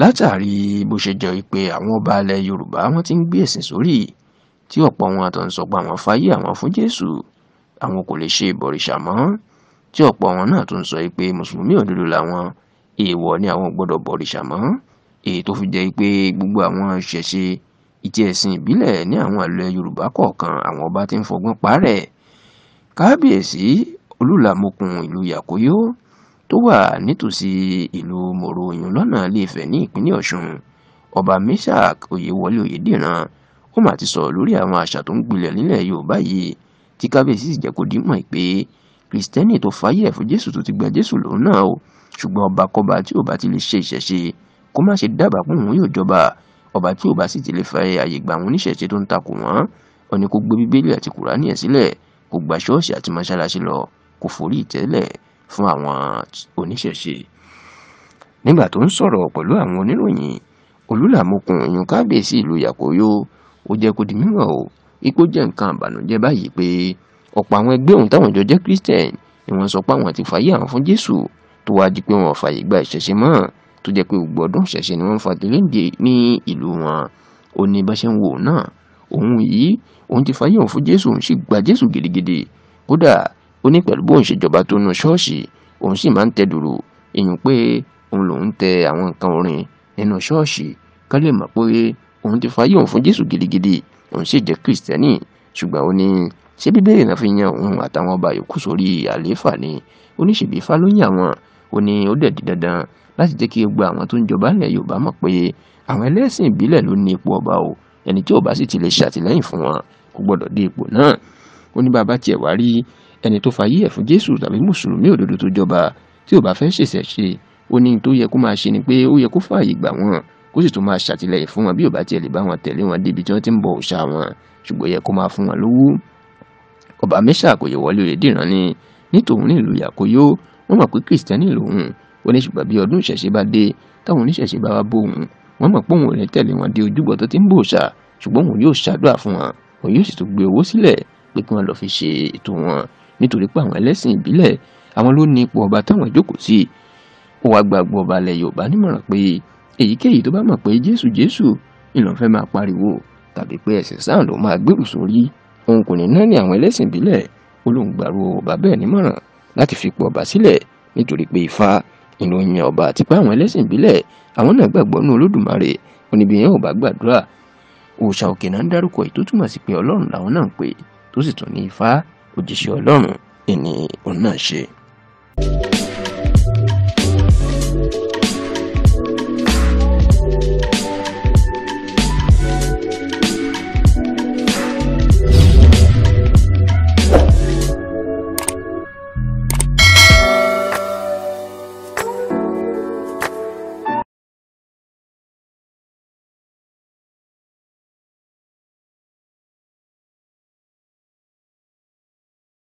látàrí bó ṣe jẹ́ wípé àwọn ọba ilẹ̀ yorùbá wọ́n ti ń gbé ẹ̀sìn sórí tí ọ̀pọ̀ wọn àtọ̀ ń sọ pé àwọn fàyè àwọn fún jésù àwọn kò lè ṣe ìbọ̀rìṣà mọ́ tí ọ̀pọ̀ wọn náà tún sọ pé mùsùlùmí òdodo làwọn èèwọ̀ ni àwọn gbọ́dọ̀ bọ̀rìṣà mọ́ èyí tó fi jẹ́ pé gbogbo àwọn ìṣẹ̀ṣe ìtí ẹ̀sìn ìbílẹ̀ ní àwọn ilẹ̀ yorùbá kọ̀ọ̀kan àwọn ọba ti ń fọgbọ́n parẹ́ kábíyèsí olùlàmọkùn ìlú yàkóyó tó wà nítòsí ìlú mòròyìn lọ́nà iléfẹ̀ ní ìpínlẹ̀ ọ̀ṣun ọba meshak oyewọlé oyèdìran ó mà ti sọ̀rọ̀ lórí àwọn àṣà tó ń gbilẹ̀ nílẹ̀ yorùbá yìí tí kábíyèsí sì jẹ́ kó dímọ̀ pé kìrìsìtẹ́nì tó fàyè fún jésù tó ti gba jésù lòun náà o ṣùgbọ́n ọba kọba tí ò bá ti lè ṣe ìṣẹ̀ṣe kó má ṣe dábàá pé òun yóò jọba ọba tí ò bá sì ti lè fẹ́ àyè gba àwọn oníṣẹ̀ṣe tó ń takò wọ́n ó ní kó gbé bíbélì àti kùránì ẹ̀ sílẹ̀ kó gba ṣọ́ọ̀ṣì àti mọ́ṣáláṣí lọ kó forí ìtẹ́lẹ̀ fún àwọn oníṣẹ̀ṣe nígbà tó ń sọ̀rọ̀ pẹ̀lú àwọn oníròyìn olùlàmọ̀kùn ìyún kábíyèsí ìlú yàkóyó ó jẹ́ kó di mímọ̀ o ipò jẹ́ nǹkan àbànújẹ́ báyìí pé ọ̀pọ̀ àwọn ẹgbẹ́ òun táwọn ìjọ jẹ́ christian ni wọ́n sọ pé àwọn ti fàyè àwọn fún jésù tó wáá di pé wọn fàyè gba ìṣẹ̀ṣe mọ́ tó jẹ́ pé gbogbo ọdún ìṣẹ̀ṣe ni wọ́n ń fàtẹ́lẹ́ǹdè ní ìlú wọn ó ní bá ṣe ń wò náà òun yìí òun ti fàyè òun fún jésù òun sì gba jésù gidigidi kódà ó ní pẹ̀lú bóun ṣe jọba tó nu ṣọ́ọ̀ṣì òun sì máa ń tẹ dùrù èyàn pé òun lòun tẹ àwọn nǹkan orin nínú ṣọ́ọ̀ṣì ká lè mọ̀ pé òun ti fàyè òun fún Jésù gidigidi òun sì jẹ́ kìrìsìtẹ́nì ṣùgbọ́n ó ní ṣé bíbélì náà fi yan òun àtàwọn ọba yòókù sórí àlééfà ni oníṣègbè ifá ló yàn wọn ó ní ó dẹ̀ di dandan láti jẹ́ kí gbogbo àwọn tó ń jọba ilẹ̀ Yorùbá mọ̀ pé àwọn ẹlẹ́sìn ìbílẹ̀ ló ní ipò ọba o ẹni tí ò sì ti lè ṣàtìlẹ́yìn fún wọn kò gbọ́dọ̀ dé ipò náà ó ní bàbá tiẹ̀ wá rí ẹni tó fayé ẹ̀ fún jésù tàbí mùsùlùmí òdodo tó jọba tí ò bá fẹ́ ṣèṣẹ̀ ṣe ó ní tó yẹ kó máa ṣe ni pé ó yẹ kó fààyè gbà wọ́n kó sì tún máa ṣàtìlẹ́yìn fún wọn bí ò bá tiẹ̀ lè bá wọn tẹ̀lé wọn débi tí wọ́n ti ń bọ òòṣà wọn ṣùgbọ́n yẹ kó máa fún wọn lówó ọba mẹ́ṣà kò yẹ wọlé òye dìran ni ní tòun ní ìlú yàkóyó wọ́n mọ̀ pé kìrìsìtẹ́nì lòun ó ní ṣùgbọ́n bí ọdún ìṣẹ̀ṣe bá dé táwọn oníṣẹ̀ṣe bá wá bóun wọ́n mọ̀ pé òun ò ní tẹ̀lé wọn dé ojúbọ tó ti ń bòòṣà ṣùgbọ́n òun yóò ṣàdúrà fún wọn òun yóò sì tún gbé owó sílẹ̀ pé kí wọ́n lọ́ọ́ fi ṣe ètò wọn nítorí pé àwọn ẹlẹ́sìn ìbílẹ̀ àwọn ló ní ipò ọba táwọn ìjókòó sí ó wá gbàgbọ́ ọba alẹ́ yorùbá nímọ̀ràn pé èyíkéyìí tó bá mọ̀ pé jésù jésù ìlànà fẹ́ máa pariwo tàbí pé ẹ̀sìn sáà ló máa gbèrú sórí òun kò ní náà ní àwọn ẹlẹ́sìn ìbílẹ̀ ó lóun gbàrú ọba bẹ́ẹ̀ nímọ̀ràn láti fi ipò ọba sílẹ̀ nítorí pé ifá ìlú yan ọba àti pé àwọn ẹlẹ́sìn ìbílẹ̀ àwọn náà gbàgbọ́ nínú olódùmarè oníbi yẹn ò bá gbàdúrà òòṣà òkè náà ń dárúkọ èyí sí pé ọlọ́run làwọn náà ń pè é tó sì tún ní Ifá òjíṣẹ́ Ọlọ́run ìní òun náà ṣe. thank you